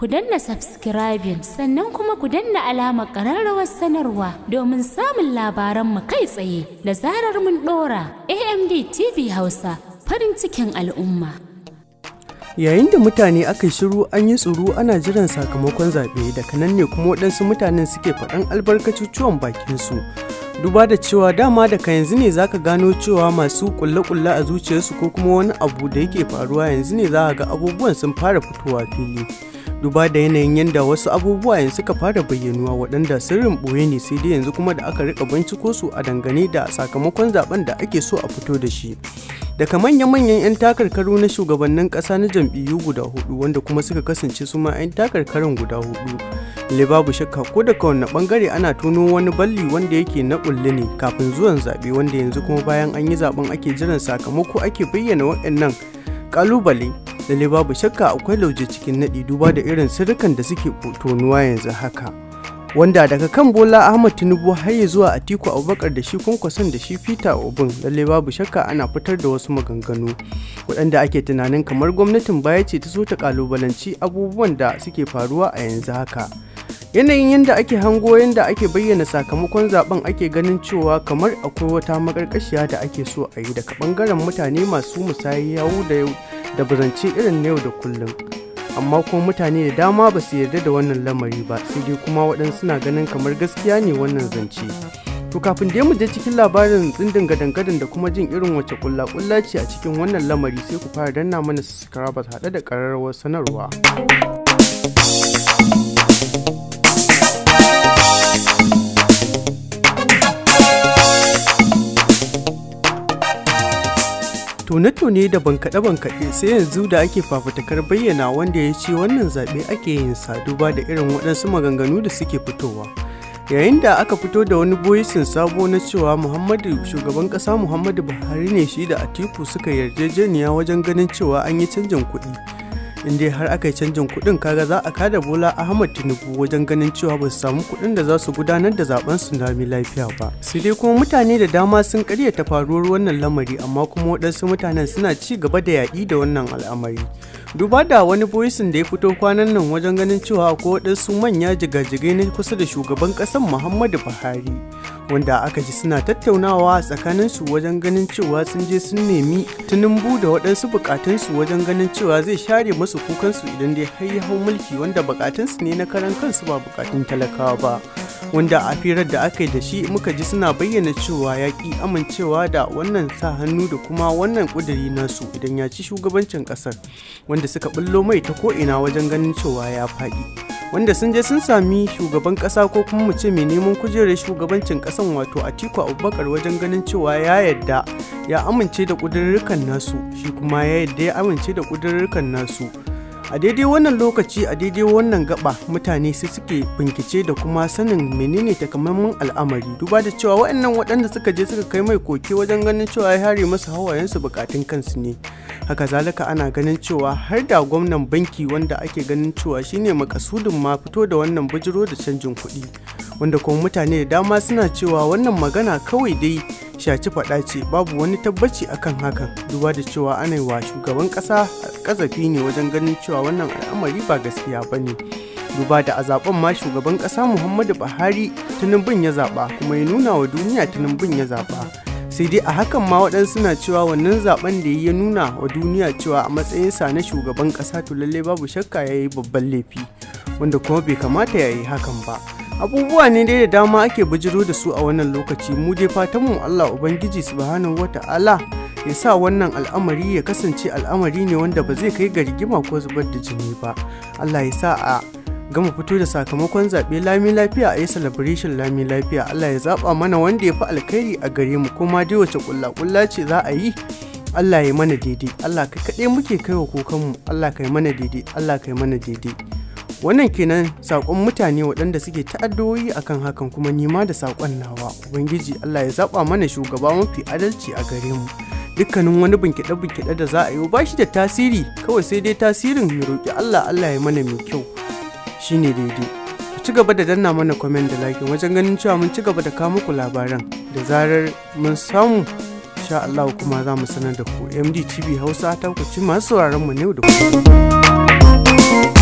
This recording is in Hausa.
ku danna subscribing sannan kuma ku danna alamar ƙararrawar sanarwa domin samun labaran mu kai tsaye da zarar mun ɗora amd tv hausa farin cikin al'umma yayin da mutane aka yi shiru an yi tsoro ana jiran sakamakon zaɓe daga nan ne kuma waɗansu mutanen suke faɗan albarkacucuwan bakinsu duba da cewa dama daga yanzu ne zaka gano cewa masu kulle-kulle a zuciyarsu ko kuma wani abu da yake faruwa yanzu ne za ga abubuwan sun fara fitowa fili duba da yanayin yadda wasu abubuwa yanzu suka fara bayyanuwa waɗanda sirrin ɓoye ne sai dai yanzu kuma da aka rika binciko su a dangane da sakamakon zaben da ake so a fito da shi daga manya-manyan 'yan takarkaru na shugabannin ƙasa na jam'iyyu guda hudu wanda kuma suka kasance su ma 'yan takarkarin guda hudu le babu shakka ko daga wani bangare ana tono wani balli wanda yake na ƙulli ne kafin zuwan zaɓe wanda yanzu kuma bayan an yi zaben ake jiran sakamako ake bayyana waɗannan kalubale lalle babu shakka akwai lauje cikin naɗi duba da irin sirrukan da suke tonuwa yanzu haka wanda daga kan bola ahmad tinubu har ya zuwa atiku abubakar da shi kwankwason da shi peter obin lalle babu shakka ana fitar da wasu maganganu waɗanda ake tunanin kamar gwamnatin baya ce ta so ta kalubalanci abubuwan da suke faruwa a yanzu haka yanayin yadda ake hango yadda ake bayyana sakamakon zaben ake ganin cewa kamar akwai wata makarkashiya da ake so a yi daga bangaren mutane masu musayi yawo da da bazance irin na yau da kullum amma kuma mutane da dama ba su yarda da wannan lamari ba sai dai kuma waɗansu suna ganin kamar gaskiya ne wannan zance to kafin da mu je cikin labarin tsindin gadangadan da kuma jin irin wace kulla kulla ce a cikin wannan lamari sai ku fara danna mana subscribers haɗe da ƙararrawar sanarwa tone-tone da bankaɗe-bankaɗe sai yanzu da ake fafutukar bayyana wanda ya ce wannan zaɓe ake yin sa duba da irin waɗansu maganganu da suke fitowa yayin da aka fito da wani boyisin sabo na cewa muhammadu shugaban ƙasa muhammadu buhari ne shi da atiku suka yarjejeniya wajen ganin cewa an yi canjin kuɗi in dai har aka yi canjin kuɗin kaga za a kada bola ahmad tinubu wajen ganin cewa ba su samu kuɗin da za su gudanar da zaben su nami lafiya ba sai dai kuma mutane da dama sun karyata faruwar wannan lamari amma kuma waɗansu mutanen suna ci gaba da yaƙi da wannan al'amari duba da wani boyisin da ya fito kwanan nan wajen ganin cewa ko wadansu manya jigajige ne kusa da shugaban kasan muhammadu buhari wanda aka ji suna tattaunawa a su wajen ganin cewa sun je sun nemi tunumbu da waɗansu su wajen ganin cewa zai share masu kukansu idan dai har ya hau mulki wanda bukatunsu ne na karan kansu ba bukatun talakawa ba wanda a firar da aka yi da shi muka ji suna bayyana cewa ya ƙi amincewa da wannan sa hannu da kuma wannan ƙuduri nasu idan ya ci shugabancin ƙasar wanda suka ɓullo mai ta ko'ina wajen ganin cewa ya faɗi. wanda sun je sun sami shugaban ƙasa ko kuma mu ce mai neman kujerar shugabancin ƙasan wato Atiku Abubakar wajen ganin cewa ya yadda ya amince da kudurrukan nasu shi kuma ya yadda ya amince da kudurrukan nasu a daidai wannan lokaci a daidai wannan gaba mutane sai suke binkice da kuma sanin menene takamaiman al'amari duba da cewa waɗannan waɗanda suka je suka kai mai koke wajen ganin cewa ya hare masu hawayensu bukatun kansu ne haka zalika ana ganin cewa har da gwamnan banki wanda ake ganin cewa shine makasudin ma fito da wannan bujiro da canjin kuɗi wanda kuma mutane da dama suna cewa wannan magana kawai dai shaci faɗa ce babu wani tabbaci akan hakan duba da cewa ana wa shugaban ƙasa ƙazafi ne wajen ganin cewa wannan al'amari ba gaskiya ba ne duba da a zaben ma shugaban ƙasa muhammadu buhari bin ya zaɓa kuma ya nuna wa duniya bin ya zaɓa sai dai a hakan ma waɗansu na cewa wannan zaɓen da ya nuna wa duniya cewa a matsayinsa na shugaban ƙasa to lallai babu shakka ya yi babban laifi wanda kuma bai kamata ya yi hakan ba abubuwa ne dai da dama ake bijiro da su a wannan lokaci mu dai fatan mu Allah Ubangiji subhanahu wata'ala ya sa wannan al'amari ya kasance al'amari ne wanda ba zai kai ga rigima ko zubar da jini ba Allah ya sa a gama fito da sakamakon zaɓe lami lafiya a yi celebration lami lafiya Allah ya zaɓa mana wanda ya fi alkhairi a gare mu kuma dai wace kulla-kulla ce za a yi Allah ya mana daidai Allah kai kaɗai muke kaiwa kukanmu Allah kai mana daidai Allah kai mana daidai wannan kenan saƙon mutane waɗanda suke ta'addoyi akan hakan kuma nima da saƙon nawa ubangiji allah ya zaɓa mana shugaba mafi adalci a gare mu dukkanin wani binkide-binkide da za a yi ba da tasiri kawai sai dai tasirin mu roƙi allah allah ya mana mai kyau shine daidai ku ci gaba da danna mana kwamen da lakin wajen ganin cewa mun ci gaba da kawo muku labaran da zarar mun samu insha allah kuma za mu sanar da ku md tv hausa ta ku ci masu sauraron mu ne da kuma